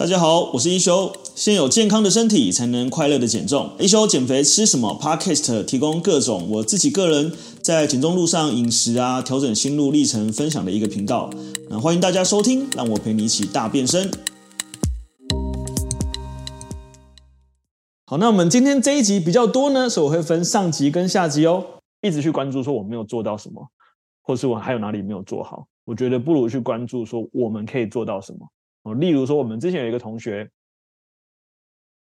大家好，我是一休。先有健康的身體，才能快樂的減重。一休減肥吃什麼？Podcast 提供各種我自己個人在減重路上飲食啊，調整心路歷程分享的一個頻道。那歡迎大家收聽，讓我陪你一起大變身。好，那我們今天這一集比較多呢，所以我會分上集跟下集哦。一直去關注說我沒有做到什麼，或是我還有哪裡沒有做好，我覺得不如去關注說我們可以做到什麼。例如說，我們之前有一個同學，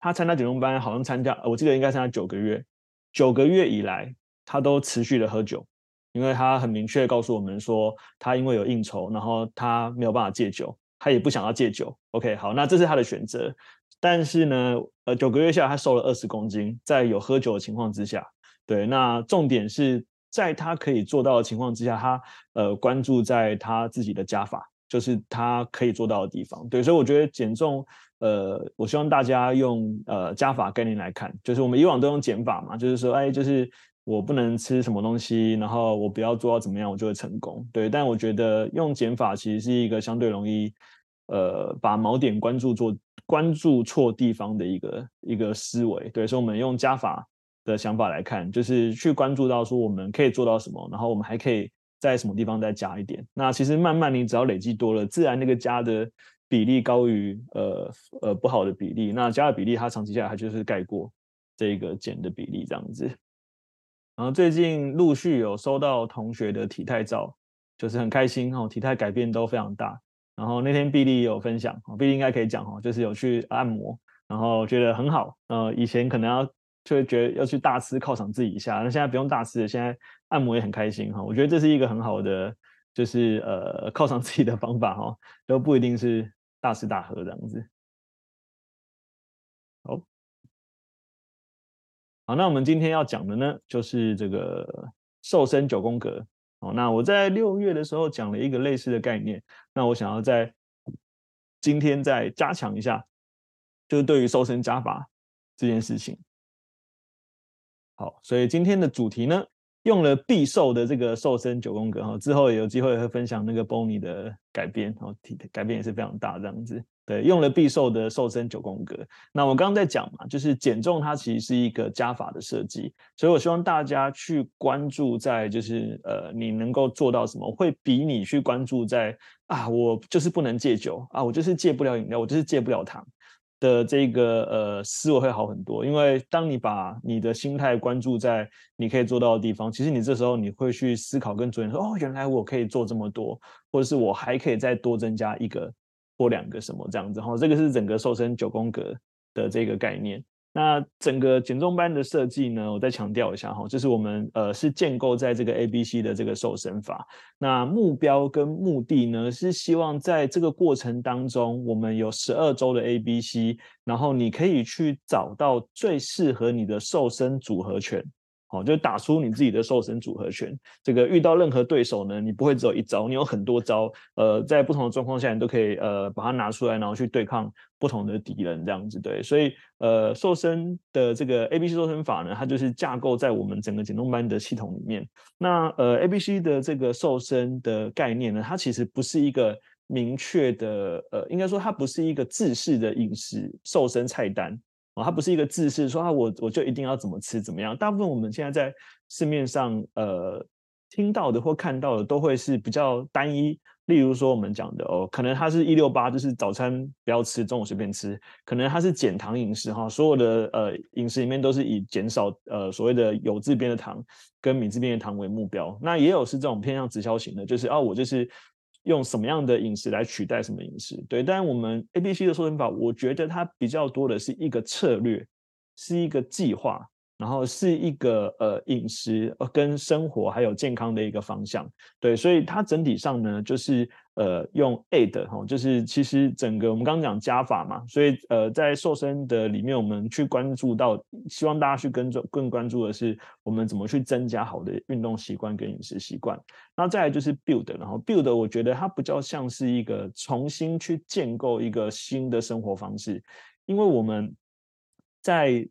他參加減重班，好像參加，我記得應該參加九個月。九個月以來，他都持續的喝酒，因為他很明確告訴我們說，他因為有應酬，然後他沒有辦法戒酒，他也不想要戒酒。OK，好，那這是他的選擇。但是呢，呃，九個月下他瘦了二十公斤，在有喝酒的情況之下，對，那重點是在他可以做到的情況之下，他呃關注在他自己的加法。就是他可以做到的地方，對，所以我覺得減重，呃，我希望大家用呃加法概念來看，就是我們以往都用減法嘛，就是說，哎，就是我不能吃什麼東西，然後我不要做到怎麼樣，我就會成功，對。但我覺得用減法其實是一個相對容易，呃，把錨點關注做關注錯地方的一個一個思維，對。所以，我們用加法的想法來看，就是去關注到說我們可以做到什麼，然後我們還可以。在什麼地方再加一點？那其實慢慢你只要累積多了，自然那個加的比例高於呃呃不好的比例，那加的比例它長期下來它就是蓋過這個減的比例這樣子。然後最近陸續有收到同學的體態照，就是很開心哦，體態改變都非常大。然後那天碧麗也有分享，碧麗應該可以講哦，就是有去按摩，然後覺得很好。呃，以前可能要。就會覺得要去大吃犒賞自己一下，那現在不用大吃了，現在按摩也很開心哈。我覺得這是一個很好的，就是呃犒賞自己的方法哈，都不一定是大吃大喝這樣子。好，好，那我們今天要講的呢，就是這個瘦身九宮格。哦，那我在六月的時候講了一個類似的概念，那我想要在今天再加強一下，就是對於瘦身加法這件事情。好，所以今天的主題呢，用了必瘦的這個瘦身九宮格，哈，之後也有機會會分享那個 Bonnie 的改變，改變也是非常大這樣子。對，用了必瘦的瘦身九宮格。那我剛剛在講嘛，就是減重它其實是一個加法的設計，所以我希望大家去關注在就是呃，你能夠做到什麼，會比你去關注在啊，我就是不能戒酒啊，我就是戒不了飲料，我就是戒不了糖。的這個呃思維會好很多，因為當你把你的心態關注在你可以做到的地方，其實你這時候你會去思考跟鑽研說，哦，原來我可以做這麼多，或者是我還可以再多增加一個或兩個什麼這樣子。然後這個是整個瘦身九宮格的這個概念。那整個減重班的設計呢，我再強調一下哈，就是我們呃是建構在這個 A B C 的這個瘦身法。那目標跟目的呢，是希望在這個過程當中，我們有十二周的 A B C，然後你可以去找到最適合你的瘦身組合拳。哦，就打出你自己的瘦身組合拳。這個遇到任何對手呢，你不會只有一招，你有很多招。呃，在不同的狀況下，你都可以呃把它拿出來，然後去對抗不同的敵人，這樣子對。所以呃，瘦身的這個 A B C 瘦身法呢，它就是架構在我們整個減重班的系統裡面。那呃，A B C 的這個瘦身的概念呢，它其實不是一個明確的呃，應該說它不是一個制式的飲食瘦身菜單。哦，它不是一個制式，說啊，我我就一定要怎麼吃怎麼樣。大部分我們現在在市面上呃聽到的或看到的，都會是比較單一。例如說我們講的哦，可能它是一六八，就是早餐不要吃，中午隨便吃。可能它是減糖飲食哈、哦，所有的呃飲食裡面都是以減少呃所謂的酉字邊的醣跟米字邊的糖為目標。那也有是這種偏向直銷型的，就是啊、哦，我就是。用什麼樣的飲食來取代什麼飲食？對，但我們 ABC 的瘦身法，我覺得它比較多的是一個策略，是一個計劃。然後是一個呃飲食跟生活還有健康的一個方向，對，所以它整體上呢，就是呃用 add 吼、哦，就是其實整個我們剛剛講加法嘛，所以呃在瘦身的裡面，我們去關注到，希望大家去跟著更關注的是我們怎麼去增加好的運動習慣跟飲食習慣，那再來就是 build，然後 build 我覺得它比較像是一個重新去建構一個新的生活方式，因為我們在。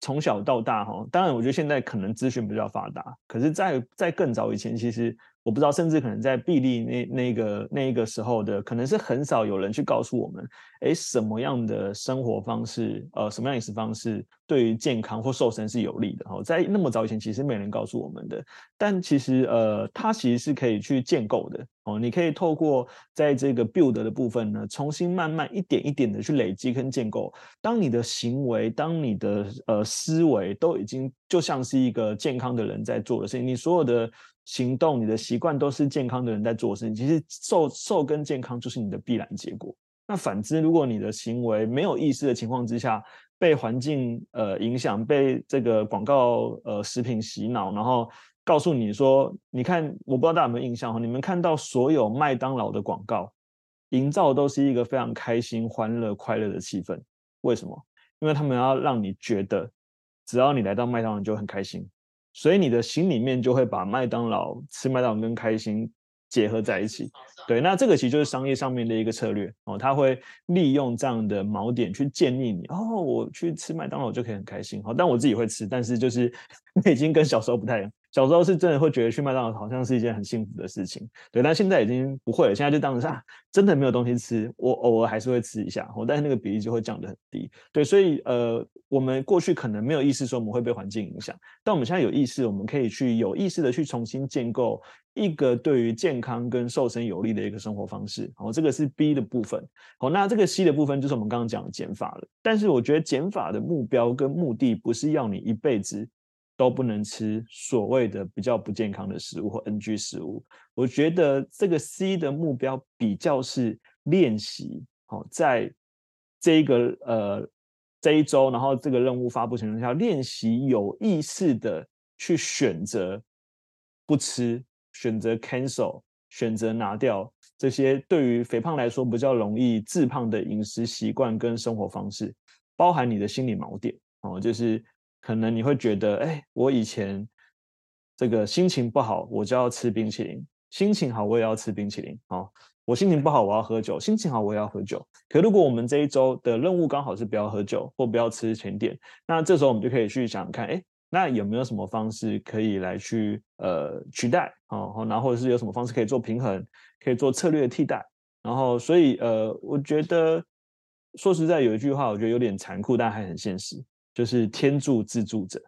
從小到大，哈，當然，我覺得現在可能資訊比較發達，可是在，在在更早以前，其實。我不知道，甚至可能在畢利那那個那個時候的，可能是很少有人去告訴我們，哎，什麼樣的生活方式，呃，什麼樣的飲食方式對於健康或瘦身是有利的哦。在那麼早以前，其實沒人告訴我們的。但其實，呃，它其實是可以去建構的哦。你可以透過在這個 build 的部分呢，重新慢慢一點一點的去累積跟建構。當你的行為，當你的呃思維，都已經就像是一個健康的人在做的事情，你所有的。行動，你的習慣都是健康的人在做事情。其實瘦瘦跟健康就是你的必然結果。那反之，如果你的行為沒有意識的情況之下，被環境呃影響，被這個廣告呃食品洗腦，然後告訴你說，你看，我不知道大家有沒有印象哈，你們看到所有麥當勞的廣告營造都是一個非常開心、歡樂、快樂的氣氛。為什麼？因為他們要讓你覺得，只要你來到麥當勞就很開心。所以你的心裡面就會把麥當勞吃麥當勞跟開心結合在一起，對，那這個其實就是商業上面的一個策略哦，他會利用這樣的錨點去建議你哦，我去吃麥當勞，就可以很開心。哦，但我自己會吃，但是就是已經跟小時候不太一樣。小時候是真的會覺得去麥當勞好像是一件很幸福的事情，對，但現在已經不會了。現在就當是啊，真的沒有東西吃，我偶爾還是會吃一下，我但是那個比例就會降得很低，對，所以呃，我們過去可能沒有意識說我們會被環境影響，但我們現在有意識，我們可以去有意識的去重新建構一個對於健康跟瘦身有利的一個生活方式。好、哦，這個是 B 的部分。好、哦，那這個 C 的部分就是我們剛剛講的減法了。但是我覺得減法的目標跟目的不是要你一輩子都不能吃所謂的比較不健康的食物或 NG 食物。我覺得這個 C 的目標比較是練習，好，在這一個呃這一周，然後這個任務發布情況下，練習有意識的去選擇不吃，選擇 cancel，選擇拿掉這些對於肥胖來說比較容易致胖的飲食習慣跟生活方式，包含你的心理錨點哦，就是。可能你會覺得，哎，我以前這個心情不好，我就要吃冰淇淋；心情好，我也要吃冰淇淋。哦，我心情不好，我要喝酒；心情好，我也要喝酒。可如果我們這一周的任務剛好是不要喝酒或不要吃甜點，那這時候我們就可以去想看，哎，那有沒有什麼方式可以來去呃取代？哦，然後或者是有什麼方式可以做平衡，可以做策略替代。然後，所以呃，我覺得說實在有一句話，我覺得有點殘酷，但還很現實。就是天助自助者。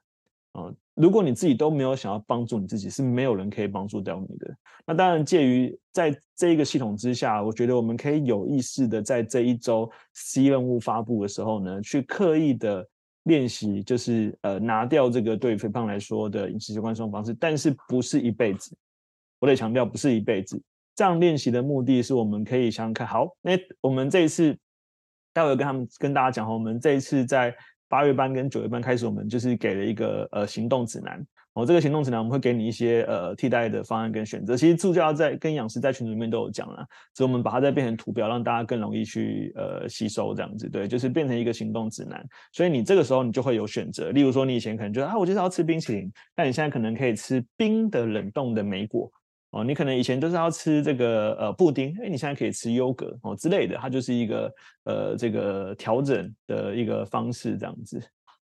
呃，如果你自己都沒有想要幫助你自己，是沒有人可以幫助到你的。那當然，介於在這一個系統之下，我覺得我們可以有意識的在這一周 C 任務發布的時候呢，去刻意的練習，就是呃，拿掉這個對肥胖來說的飲食習慣這種方式，但是不是一輩子。我得強調，不是一輩子。這樣練習的目的是我們可以想想看，好，那我們這一次，待會跟他們跟大家講我們這一次在。八月班跟九月班開始，我們就是給了一個呃行動指南。我、哦、這個行動指南，我們會給你一些呃替代的方案跟選擇。其實助教在跟養師在群組裡面都有講了，所以我們把它再變成圖表，讓大家更容易去呃吸收這樣子。對，就是變成一個行動指南。所以你這個時候你就會有選擇。例如說，你以前可能覺得啊，我就是要吃冰淇淋，那你現在可能可以吃冰的冷凍的莓果。哦，你可能以前都是要吃這個呃布丁，哎，你現在可以吃優格哦之類的，它就是一個呃這個調整的一個方式這樣子。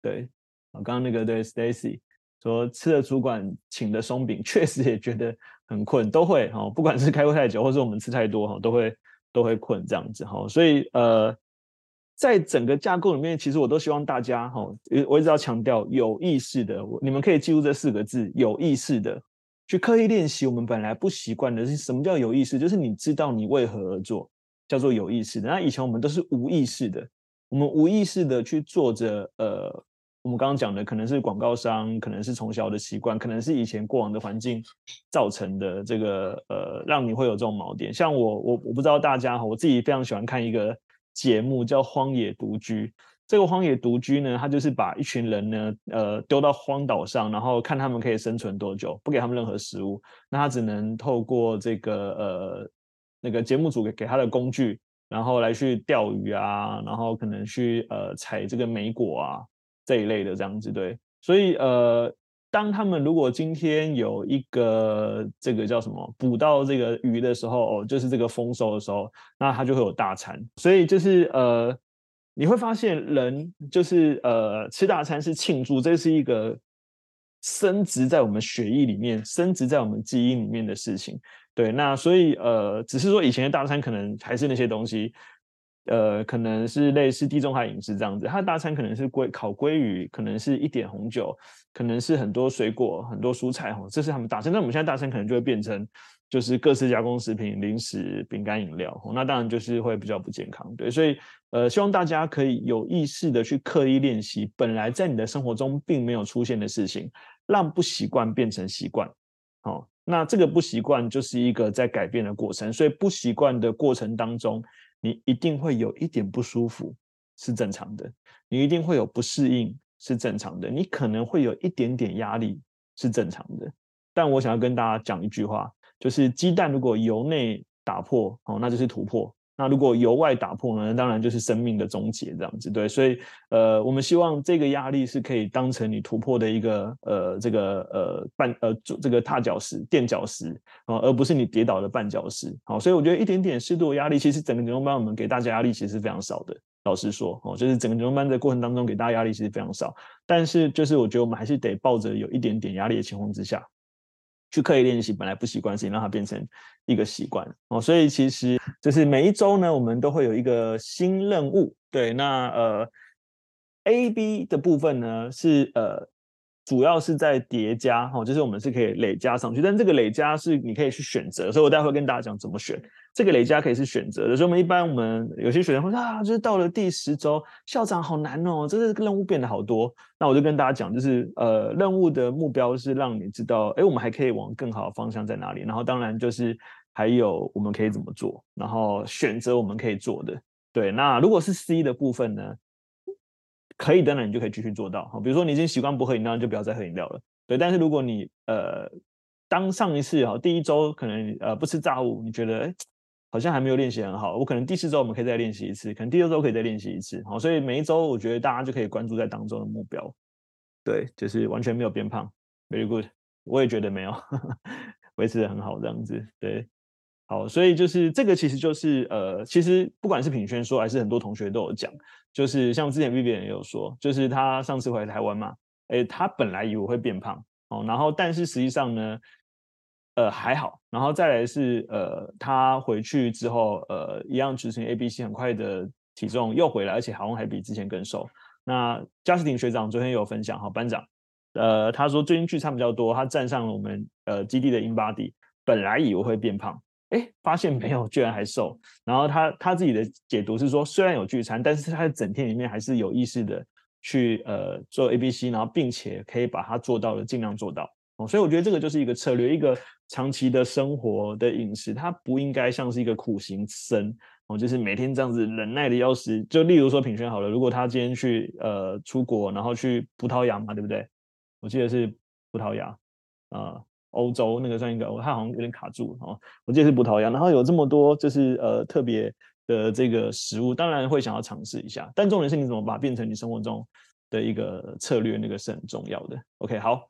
對，我剛剛那個對 Stacy 說吃，吃的主管請的鬆餅，確實也覺得很困，都會哈、哦，不管是開會太久，或是我們吃太多哈、哦，都會都會困這樣子哈、哦。所以呃，在整個架構裡面，其實我都希望大家哈、哦，我一直要強調有意識的，你們可以記住這四個字有意識的。去刻意練習，我們本來不習慣的。是什麼叫有意識？就是你知道你為何而做，叫做有意識的。那以前我們都是無意識的，我們無意識的去做着。呃，我們剛剛講的可能是廣告商，可能是從小的習慣，可能是以前過往的環境造成的這個呃，讓你會有這種錨點。像我，我我不知道大家哈，我自己非常喜歡看一個節目叫《荒野獨居》。這個荒野獨居呢，他就是把一群人呢，呃，丟到荒島上，然後看他們可以生存多久，不給他們任何食物，那他只能透過這個呃那個節目組給給他的工具，然後來去釣魚啊，然後可能去呃採這個莓果啊這一類的這樣子，對，所以呃，當他們如果今天有一個這個叫什麼捕到這個魚的時候，哦，就是這個豐收的時候，那他就會有大餐，所以就是呃。你會發現，人就是呃吃大餐是慶祝，這是一個深植在我們血液裡面，深植在我們基因裡面的事情。對，那所以呃，只是說以前的大餐可能還是那些東西，呃，可能是類似地中海飲食這樣子，他的大餐可能是鮭烤鮭，鮭魚，可能是一點紅酒，可能是很多水果，很多蔬菜，吼，這是他們大餐。那我們現在大餐可能就會變成。就是各式加工食品、零食、餅乾、飲料，那當然就是會比較不健康，對。所以，呃，希望大家可以有意識的去刻意練習，本來在你的生活中並沒有出現的事情，讓不習慣變成習慣。哦，那這個不習慣就是一個在改變的過程，所以不習慣的過程當中，你一定會有一點不舒服，是正常的；你一定會有不適應，是正常的；你可能會有一點點壓力，是正常的。但我想要跟大家講一句話，就是雞蛋如果由內打破，哦，那就是突破；那如果由外打破呢，當然就是生命的終結這樣子，對。所以，呃，我們希望這個壓力是可以當成你突破的一個，呃，這個呃絆呃這個踏腳石、墊腳石，啊、哦，而不是你跌倒的絆腳石。啊，所以我覺得一點點適度的壓力，其實整個減重班我們給大家壓力其實是非常少的，老實說，哦，就是整個減重班的過程當中給大家壓力其實非常少。但是，就是我覺得我們還是得抱着有一點點壓力的情況之下。去刻意練習，本來不習慣的事，讓它變成一個習慣哦。所以其實就是每一周呢，我們都會有一個新任務。對，那呃，A、B 的部分呢是呃。主要是在疊加哈，就是我們是可以累加上去，但這個累加是你可以去選擇，所以我待會跟大家講怎麼選。這個累加可以是選擇的，所以我們一般我們有些學生會說啊，就是到了第十周，校長好難哦，這個任務變得好多。那我就跟大家講，就是呃，任務的目標是讓你知道，哎，我們還可以往更好的方向在哪裡。然後當然就是還有我們可以怎麼做，然後選擇我們可以做的。對，那如果是 C 的部分呢？可以的呢，你就可以繼續做到。好，比如說你已經習慣不喝飲料，就不要再喝飲料了。對，但是如果你呃，當上一次哈，第一周可能呃不吃炸物，你覺得哎，好像還沒有練習很好。我可能第四周我們可以再練習一次，可能第六週可以再練習一次。好，所以每一周我覺得大家就可以關注在當中的目標。對，就是完全沒有變胖，Very good。我也覺得沒有，維持的很好這樣子。對，好，所以就是這個其實就是呃，其實不管是品軒說還是很多同學都有講。就是像之前 Vivian 也有說，就是他上次回台灣嘛，誒，他本來以為會變胖哦，然後但是實際上呢，呃還好，然後再來是呃他回去之後，呃一樣執行 ABC，很快的體重又回來，而且好像還比之前更瘦。那賈斯汀學長昨天有分享好班長，呃他說最近聚餐比較多，他站上了我們呃基地的 Inbody，本來以為會變胖。哎，發現沒有，居然還瘦。然後他他自己的解讀是說，雖然有聚餐，但是他整天裡面還是有意識的去呃做 A、B、C，然後並且可以把它做到的，盡量做到。哦，所以我覺得這個就是一個策略，一個長期的生活的飲食，它不應該像是一個苦行僧，哦，就是每天這樣子忍耐的要死。就例如說品軒好了，如果他今天去呃出國，然後去葡萄牙嘛，對不對？我記得是葡萄牙啊。呃歐洲那個算一個，我看好像有點卡住哦。我記得是葡萄牙，然後有這麼多就是呃特別的這個食物，當然會想要嘗試一下。但重點是你怎麼把它變成你生活中的一個策略，那個是很重要的。OK，好。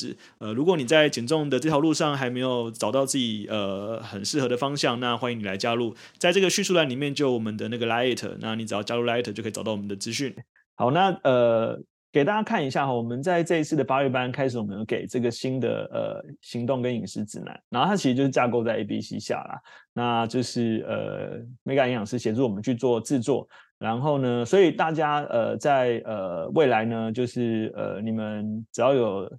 呃，如果你在減重的這條路上還沒有找到自己呃很適合的方向，那歡迎你來加入，在這個敘述欄裡面就有我們的那個 LINE，那你只要加入 LINE 就可以找到我們的資訊。好，那呃給大家看一下哈，我們在這一次的八月班開始，我們有給這個新的呃行動跟飲食指南，然後它其實就是架構在 ABC 下啦，那就是呃美感營養師協助我們去做制作，然後呢，所以大家呃在呃未來呢，就是呃你們只要有。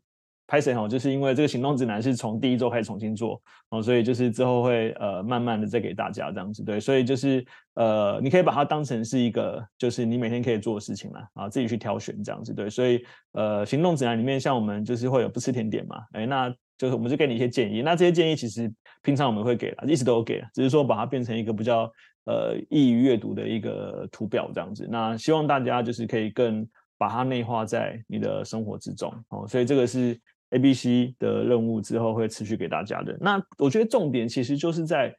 開始哦，就是因為這個行動指南是從第一周開始重新做哦，所以就是之後會呃慢慢的再給大家這樣子。對，所以就是呃你可以把它當成是一個就是你每天可以做的事情啦，然後自己去挑選這樣子。對，所以呃行動指南裡面像我們就是會有不吃甜點嘛，哎，那就是我們就給你一些建議，那這些建議其實平常我們會給啦，一直都有給，只是說把它變成一個比較呃易於閱讀的一個圖表這樣子，那希望大家就是可以更把它內化在你的生活之中哦，所以這個是。A、B、C 的任務之後會持續給大家的。那我覺得重點其實就是在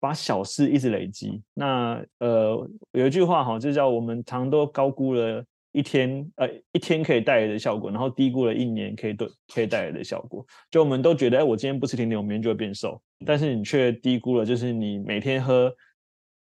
把小事一直累積。那呃，有一句話哈，就叫我們常都高估了一天呃一天可以帶來的效果，然後低估了一年可以對可以帶來的效果。就我們都覺得，哎、欸，我今天不吃甜點，我明天就會變瘦。但是你卻低估了，就是你每天喝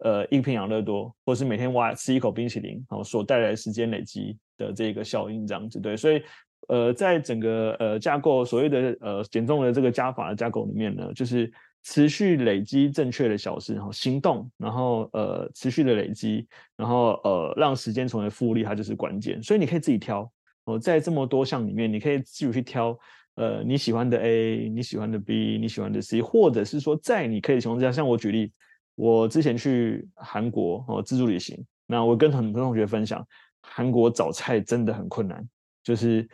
呃一瓶養樂多，或是每天挖吃一口冰淇淋，然後所帶來的時間累積的這個效應，這樣子對。所以。呃，在整個呃架構所謂的呃減重的這個加法的架構裡面呢，就是持續累積正確的小事，然後行動，然後呃持續的累積，然後呃讓時間成為複利，它就是關鍵。所以你可以自己挑，呃，在這麼多項裡面，你可以自己去挑呃你喜歡的 A，你喜歡的 B，你喜歡的 C，或者是說在你可以的情況下，像我舉例，我之前去韓國哦自助旅行，那我跟很多同學分享，韓國找菜真的很困難，就是。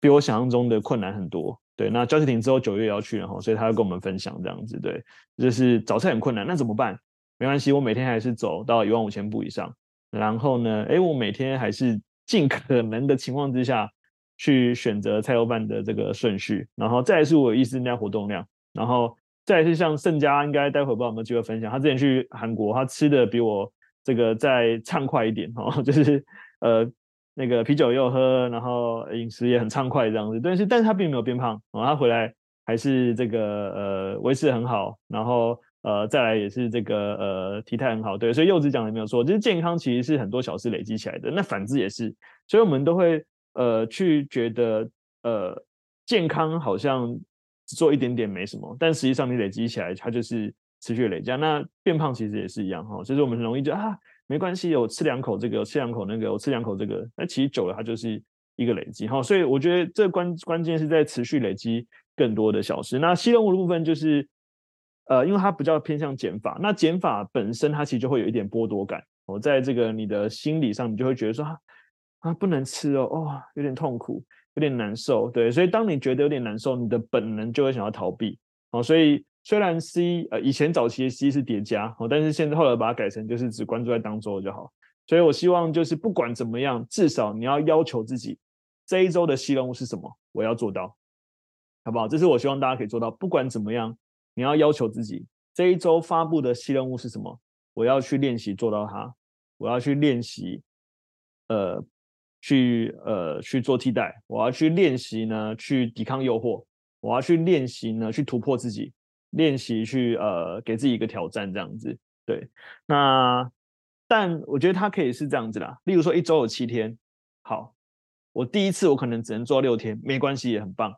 比我想象中的困難很多，對。那教士亭之後九月也要去了，然後所以他要跟我們分享這樣子，對，就是早餐很困難，那怎麼辦？沒關係，我每天還是走到一萬五千步以上，然後呢，哎、欸，我每天還是盡可能的情況之下去選擇菜油飯的這個順序，然後再一次我的意思那活動量，然後再一次像盛家，應該待會不知道有沒有機會分享，他之前去韓國，他吃的比我這個再暢快一點哦，就是呃。那個啤酒又喝，然後飲食也很暢快這樣子，但是但是他並沒有變胖哦，他回來還是這個呃維持很好，然後呃再來也是這個呃體態很好，對，所以柚子講的沒有錯，就是健康其實是很多小事累積起來的，那反之也是，所以我們都會呃去覺得呃健康好像只做一點點沒什麼，但實際上你累積起來，它就是持續累加，那變胖其實也是一樣哈，哦，所以說我們很容易就啊。沒關係，我吃兩口這個，我吃兩口那個，我吃兩口這個。那其實久了它就是一個累積哈，所以我覺得這關關鍵是在持續累積更多的小事。那西東物的部分就是，呃，因為它比較偏向減法，那減法本身它其實就會有一點剝奪感。我在這個你的心理上，你就會覺得說啊，啊，不能吃哦，哦，有點痛苦，有點難受，對。所以當你覺得有點難受，你的本能就會想要逃避，所以。雖然 C 呃以前早期的 C 是疊加哦，但是現在後來把它改成就是只關注在當周就好。所以我希望就是不管怎麼樣，至少你要要求自己這一周的 C 任務是什麼，我要做到，好不好？這是我希望大家可以做到。不管怎麼樣，你要要求自己這一周發布的 C 任務是什麼，我要去練習做到它，我要去練習呃去呃去做替代，我要去練習呢去抵抗誘惑，我要去練習呢去突破自己。練習去呃，給自己一個挑戰這樣子，對。那但我覺得它可以是這樣子啦，例如說一周有七天，好，我第一次我可能只能做六天，沒關係也很棒。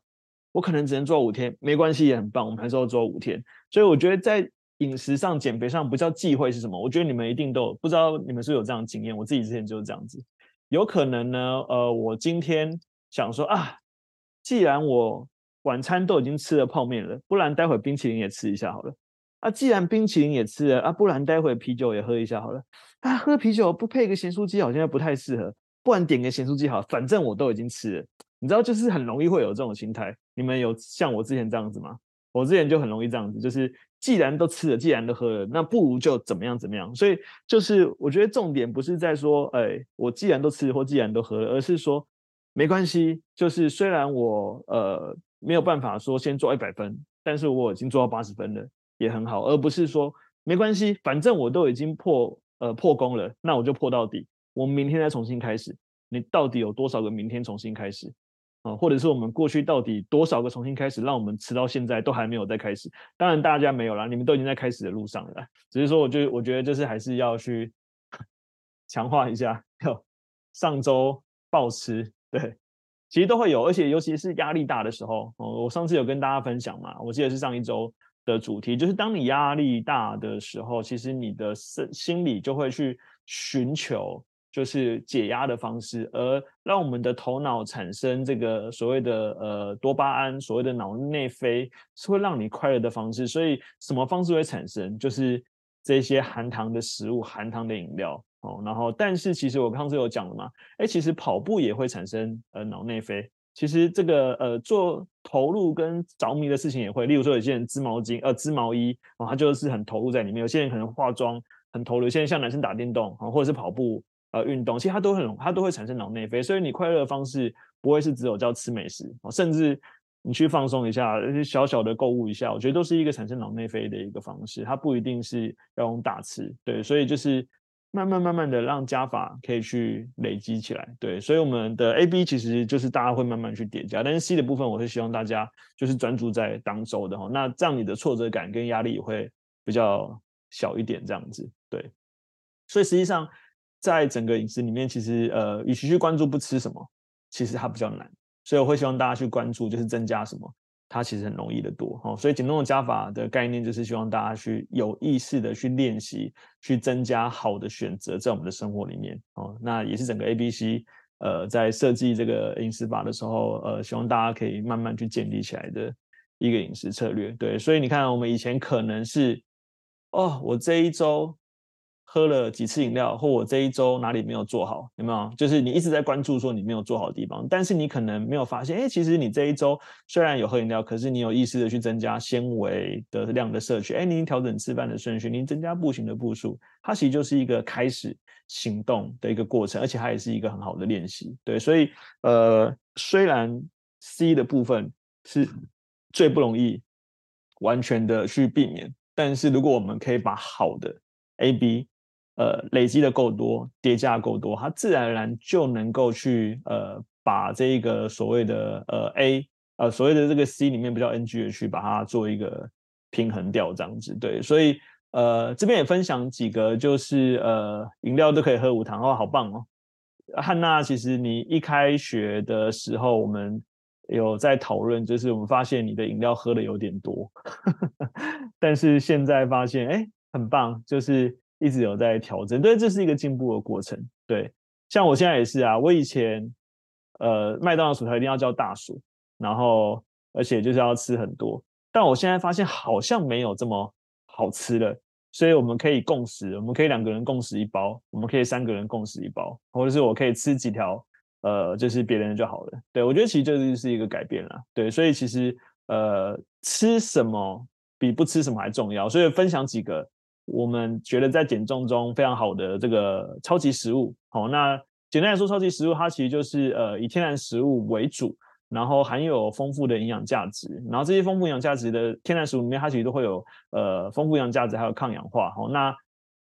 我可能只能做五天，沒關係也很棒。我們還是要做五天，所以我覺得在飲食上減肥上不叫忌諱是什麼？我覺得你們一定都不知道，你們是不是有這樣的經驗？我自己之前就是這樣子，有可能呢，呃，我今天想說啊，既然我。晚餐都已經吃了泡麵了，不然待會冰淇淋也吃一下好了。啊，既然冰淇淋也吃了，啊，不然待會啤酒也喝一下好了。啊，喝啤酒不配個鹹酥雞好像不太適合，不然點個鹹酥雞好。反正我都已經吃了，你知道，就是很容易會有這種心態。你們有像我之前這樣子嗎？我之前就很容易這樣子，就是既然都吃了，既然都喝了，那不如就怎麼樣怎麼樣。所以就是我覺得重點不是在說，哎、欸，我既然都吃了或既然都喝了，而是說沒關係，就是雖然我呃。沒有辦法說先做一百分，但是我已經做到八十分了，也很好，而不是說沒關係，反正我都已經破呃破功了，那我就破到底，我們明天再重新開始。你到底有多少個明天重新開始？啊、呃，或者是我們過去到底多少個重新開始，讓我們直到現在都還沒有再開始？當然大家沒有啦，你們都已經在開始的路上了。只是說，我就我覺得就是還是要去強化一下，上周暴吃對。其實都會有，而且尤其是壓力大的時候，哦，我上次有跟大家分享嘛，我記得是上一周的主題，就是當你壓力大的時候，其實你的心心理就會去尋求就是解壓的方式，而讓我們的頭腦產生這個所謂的呃多巴胺，所謂的腦內啡是會讓你快樂的方式。所以什麼方式會產生？就是這些含糖的食物，含糖的飲料。哦，然後但是其實我剛才有講了嘛，哎，其實跑步也會產生呃腦內啡，其實這個呃做投入跟着迷的事情也會，例如說有些人織毛巾，呃織毛衣，啊、哦、他就是很投入在裡面，有些人可能化妝很投入，有些人像男生打電動啊、哦，或者是跑步啊、呃、運動，其實他都很他都會產生腦內啡，所以你快樂的方式不會是只有叫吃美食、哦，甚至你去放鬆一下，小小的購物一下，我覺得都是一個產生腦內啡的一個方式，它不一定是要用大吃，對，所以就是慢慢慢慢的讓加法可以去累積起來，對，所以我們的 A、B 其實就是大家會慢慢去疊加，但是 C 的部分，我是希望大家就是專注在當週的哈，那這樣你的挫折感跟壓力也會比較小一點，這樣子，對。所以實際上，在整個飲食裡面，其實呃，與其去關注不吃什麼，其實它比較難，所以我會希望大家去關注就是增加什麼。它其實很容易的多哈、哦，所以簡單的加法的概念就是希望大家去有意識的去練習，去增加好的選擇在我們的生活裡面哦。那也是整個 ABC 呃在設計這個飲食法的時候，呃希望大家可以慢慢去建立起來的一個飲食策略。對，所以你看我們以前可能是哦，我這一周。喝了幾次飲料，或我這一周哪裡沒有做好？有沒有？就是你一直在關注說你沒有做好的地方，但是你可能沒有發現，哎，其實你這一周雖然有喝飲料，可是你有意識的去增加纖維的量的攝取，哎，你調整吃飯的順序，你增加步行的步數，它其實就是一個開始行動的一個過程，而且它也是一個很好的練習，對。所以，呃，雖然 C 的部分是最不容易完全的去避免，但是如果我們可以把好的 AB。呃，累積的夠多，疊加夠多，它自然而然就能夠去呃，把這個所謂的呃 A 呃所謂的這個 C 裡面比較 NG 的去把它做一個平衡掉，這樣子，對。所以呃，這邊也分享幾個，就是呃，飲料都可以喝無糖哦，好棒哦。漢娜，其實你一開學的時候，我們有在討論，就是我們發現你的飲料喝的有點多， 但是現在發現哎、欸，很棒，就是。一直有在調整，對，這是一個進步的過程。對，像我現在也是啊，我以前，呃，麥當勞薯條一定要叫大薯，然後而且就是要吃很多，但我現在發現好像沒有這麼好吃了，所以我們可以共食，我們可以兩個人共食一包，我們可以三個人共食一包，或者是我可以吃幾條，呃，就是別人就好了。對，我覺得其實這就是一個改變了。對，所以其實呃，吃什麼比不吃什麼還重要，所以分享幾個。我們覺得在減重中非常好的這個超級食物，好，那簡單來說，超級食物它其實就是呃以天然食物為主，然後含有豐富的營養價值，然後這些豐富營養價值的天然食物裡面，它其實都會有呃豐富營養價值，還有抗氧化，好，那。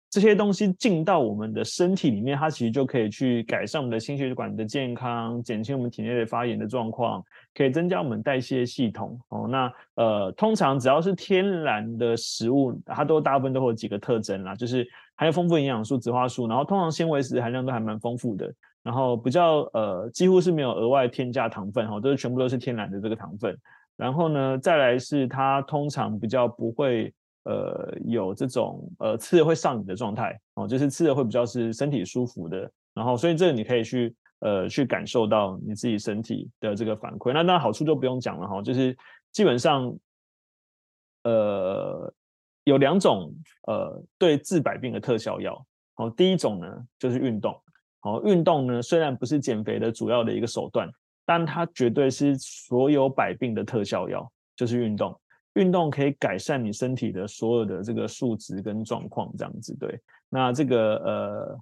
這些東西進到我們的身體裡面，它其實就可以去改善我們的心血管的健康，減輕我們體內的發炎的狀況，可以增加我們代謝系統。哦，那呃，通常只要是天然的食物，它都大部分都會有幾個特徵啦，就是含有豐富營養素、植化素，然後通常纖維質含量都還蠻豐富的，然後比較呃，幾乎是沒有額外添加糖分，哦，都是全部都是天然的這個糖分。然後呢，再來是它通常比較不會。呃，有這種呃吃了會上癮的狀態哦，就是吃了會比較是身體舒服的，然後所以這個你可以去呃去感受到你自己身體的這個反饋。那當然好處就不用講了哈、哦，就是基本上呃有兩種呃對治百病的特效藥。好、哦，第一種呢就是運動。好、哦，運動呢雖然不是減肥的主要的一個手段，但它絕對是所有百病的特效藥，就是運動。運動可以改善你身體的所有的這個數值跟狀況，這樣子對。那這個呃，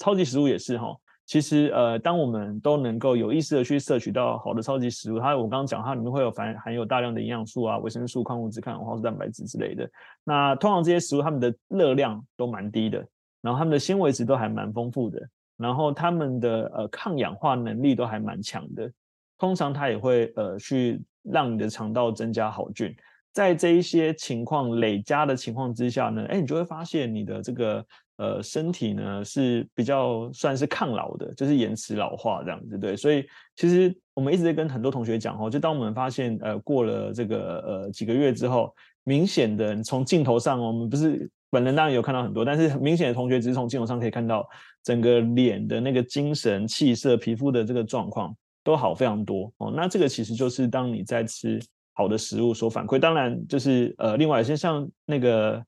超級食物也是哈。其實呃，當我們都能夠有意識的去攝取到好的超級食物，它我剛剛講它裡面會有含含有大量的營養素啊、維生素、礦物質、抗氧化素、蛋白質之類的。那通常這些食物它們的熱量都蠻低的，然後它們的纖維質都還蠻豐富的，然後它們的呃抗氧化能力都還蠻強的。通常它也會呃去讓你的腸道增加好菌。在這一些情況累加的情況之下呢，哎、欸，你就會發現你的這個呃身體呢是比較算是抗老的，就是延遲老化這樣子，對。所以其實我們一直在跟很多同學講哦，就當我們發現呃過了這個呃幾個月之後，明顯的你從鏡頭上，我們不是本人當然有看到很多，但是很明顯的同學只是從鏡頭上可以看到整個臉的那個精神氣色、皮膚的這個狀況都好非常多哦。那這個其實就是當你在吃。好的食物所反饋，當然就是呃，另外先像那個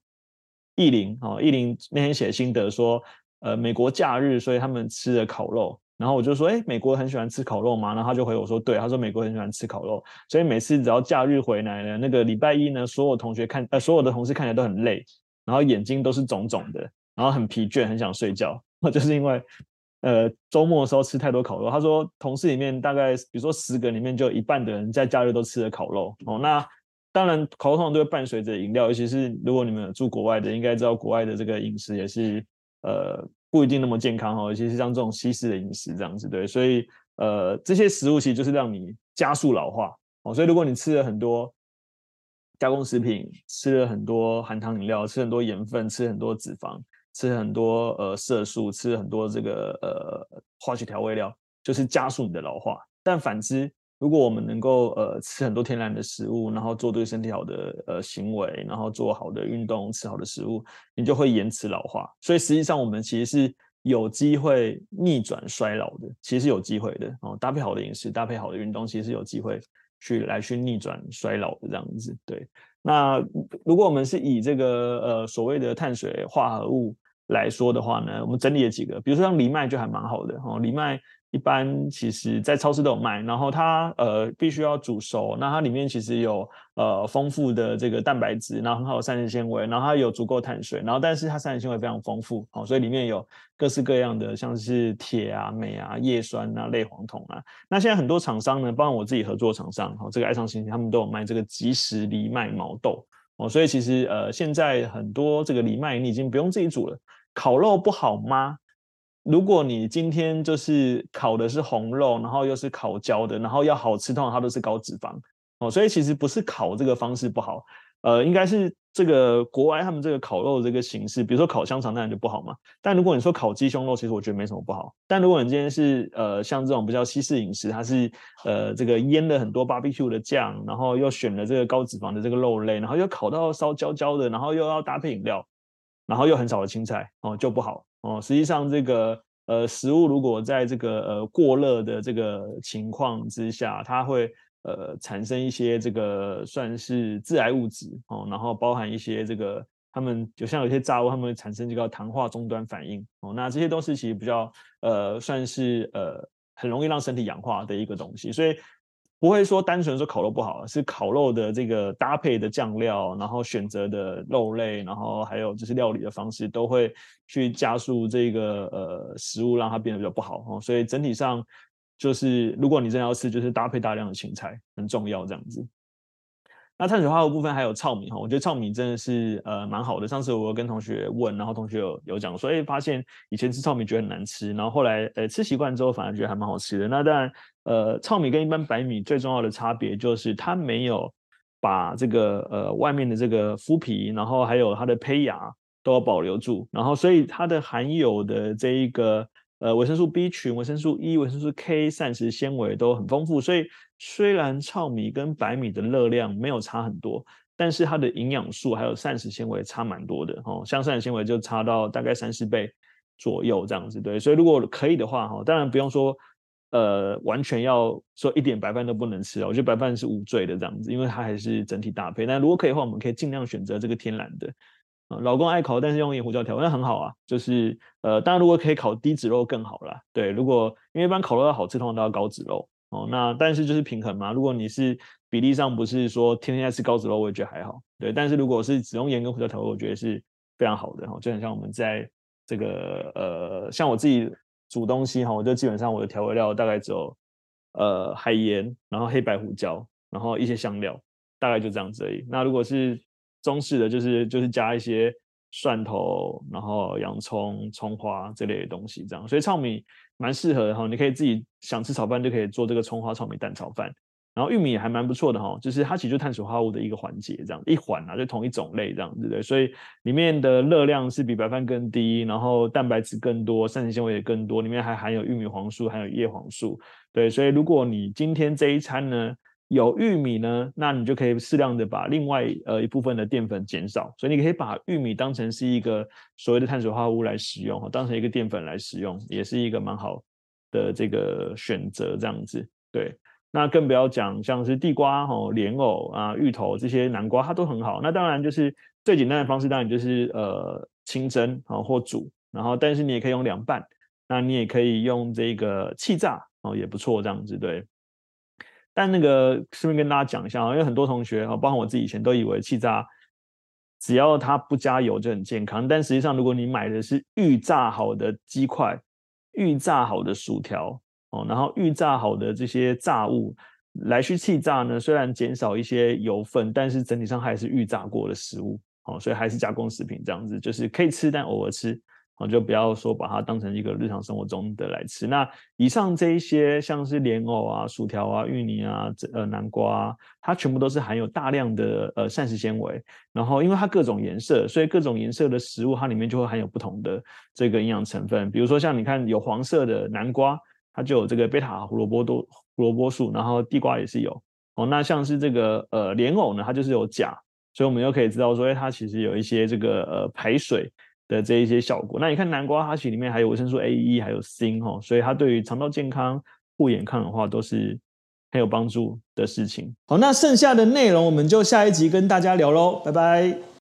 意林啊，意林那天寫心得說，呃，美國假日，所以他們吃了烤肉，然後我就說，誒，美國很喜歡吃烤肉嗎？然後他就回我說，對，他說美國很喜歡吃烤肉，所以每次只要假日回來呢，那個禮拜一呢，所有同學看呃，所有的同事看起來都很累，然後眼睛都是腫腫的，然後很疲倦，很想睡覺，就是因為。呃，週末的時候吃太多烤肉。他說，同事裡面大概，比如說十個裡面就有一半的人在假日都吃了烤肉哦。那當然，烤肉通常都會伴隨着飲料，尤其是如果你們有住國外的，應該知道國外的這個飲食也是呃不一定那麼健康哦。尤其是像這種西式的飲食這樣子，對。所以呃，這些食物其實就是讓你加速老化哦。所以如果你吃了很多加工食品，吃了很多含糖飲料，吃很多鹽分，吃很多脂肪。吃很多呃色素，吃很多這個呃化學調味料，就是加速你的老化。但反之，如果我們能夠呃吃很多天然的食物，然後做對身體好的呃行為，然後做好的運動，吃好的食物，你就會延遲老化。所以實際上，我們其實是有機會逆轉衰老的，其實是有機會的哦。搭配好的飲食，搭配好的運動，其實是有機會去來去逆轉衰老的這樣子。對，那如果我們是以這個呃所謂的碳水化合物。來說的話呢，我們整理了幾個，比如說像藜麥就還蠻好的哦。藜麥一般其實在超市都有賣，然後它呃必須要煮熟，那它裡面其實有呃豐富的這個蛋白質，然後很好的膳食纖維，然後它有足夠碳水，然後但是它膳食纖維非常豐富哦，所以裡面有各式各樣的像是鐵啊、鎂啊、葉酸啊、類黃酮啊。那現在很多廠商呢，包括我自己合作廠商哦，這個愛上新鮮，他們都有賣這個即食藜麥毛豆哦，所以其實呃現在很多這個藜麥你已經不用自己煮了。烤肉不好嗎？如果你今天就是烤的是紅肉，然後又是烤焦的，然後要好吃的話，通常它都是高脂肪哦。所以其實不是烤這個方式不好，呃，應該是這個國外他們這個烤肉的這個形式，比如說烤香腸，當然就不好嘛。但如果你說烤雞胸肉，其實我覺得沒什麼不好。但如果你今天是呃像這種比較西式飲食，它是呃這個醃了很多 barbecue 的醬，然後又選了這個高脂肪的這個肉類，然後又烤到燒焦焦的，然後又要搭配飲料。然後又很少的青菜哦，就不好哦。實際上，這個呃食物如果在這個呃過熱的這個情況之下，它會呃產生一些這個算是致癌物質哦。然後包含一些這個，他們就像有些炸物，他們會產生這個糖化終端反應哦。那這些都是其實比較呃算是呃很容易讓身體氧化的一個東西，所以。不會說單純說烤肉不好，是烤肉的這個搭配的醬料，然後選擇的肉類，然後還有就是料理的方式，都會去加速這個呃食物讓它變得比較不好，哦、所以整體上就是如果你真的要吃，就是搭配大量的青菜很重要這樣子。那碳水化合物部分還有糙米哈、哦，我覺得糙米真的是呃蠻好的。上次我有跟同學問，然後同學有有講，所以發現以前吃糙米覺得很難吃，然後後來呃吃習慣之後反而覺得還蠻好吃的。那當然。呃，糙米跟一般白米最重要的差別就是它沒有把這個呃外面的這個麩皮，然後還有它的胚芽都要保留住，然後所以它的含有的這一個呃維生素 B 群、維生素 E、維生素 K、膳食纖維都很豐富。所以雖然糙米跟白米的熱量沒有差很多，但是它的營養素還有膳食纖維差蠻多的哦，像膳食纖維就差到大概三十倍左右這樣子對。所以如果可以的話哈，當然不用說。呃，完全要說一點白飯都不能吃哦，我覺得白飯是無罪的這樣子，因為它還是整體搭配。那如果可以的話，我們可以盡量選擇這個天然的、呃。老公愛烤，但是用鹽、胡椒調，那很好啊。就是呃，當然如果可以烤低脂肉更好啦。對，如果因為一般烤肉要好吃，通常都要高脂肉哦。那但是就是平衡嘛，如果你是比例上不是說天天在吃高脂肉，我也覺得還好。對，但是如果是只用鹽跟胡椒調，我覺得是非常好的。然後，哦，就很像我們在這個呃，像我自己。煮東西哈，我就基本上我的調味料大概只有呃海鹽，然後黑白胡椒，然後一些香料，大概就這樣子而已。那如果是中式的就是就是加一些蒜頭，然後洋蔥、蔥花這類的東西，這樣。所以糙米蠻適合的哈，你可以自己想吃炒飯就可以做這個蔥花糙米蛋炒飯。然後玉米也還蠻不錯的哈，就是它其實就是碳水化合物的一個環節，這樣一環啊，就同一種類這樣，子的，對不對？所以裡面的熱量是比白飯更低，然後蛋白質更多，膳食纖維也更多，裡面還含有玉米黃素，還有葉黃素，對。所以如果你今天這一餐呢有玉米呢，那你就可以適量的把另外呃一部分的澱粉減少，所以你可以把玉米當成是一個所謂的碳水化合物來使用，哈，當成一個澱粉來使用，也是一個蠻好的這個選擇，這樣子，對。那更不要講，像是地瓜、吼蓮藕啊、芋頭，芋頭這些南瓜，它都很好。那當然就是最簡單的方式，當然就是呃清蒸啊或煮，然後但是你也可以用涼拌，那你也可以用這個氣炸哦也不錯，這樣子對。但那個順便跟大家講一下啊，因為很多同學啊，包括我自己以前都以為氣炸只要它不加油就很健康，但實際上如果你買的是預炸好的雞塊、預炸好的薯條。哦，然後預炸好的這些炸物來去氣炸呢，雖然減少一些油分，但是整體上還是預炸過的食物，哦，所以還是加工食品這樣子，就是可以吃，但偶爾吃，哦，就不要說把它當成一個日常生活中的來吃。那以上這一些，像是蓮藕啊、薯條啊、芋泥啊、呃、南瓜啊，它全部都是含有大量的呃膳食纖維。然後，因為它各種顏色，所以各種顏色的食物，它裡面就會含有不同的這個營養成分。比如說，像你看有黃色的南瓜。它就有這個貝塔胡蘿蔔多胡蘿蔔素，然後地瓜也是有哦。那像是這個呃蓮藕呢，它就是有鉀，所以我們就可以知道說，哎，它其實有一些這個呃排水的這一些效果。那你看南瓜它其實裡面還有維生素 A、E，還有 C 哦，所以它對於腸道健康、護眼、抗氧化都是很有幫助的事情。好，那剩下的內容我們就下一集跟大家聊嘍，拜拜。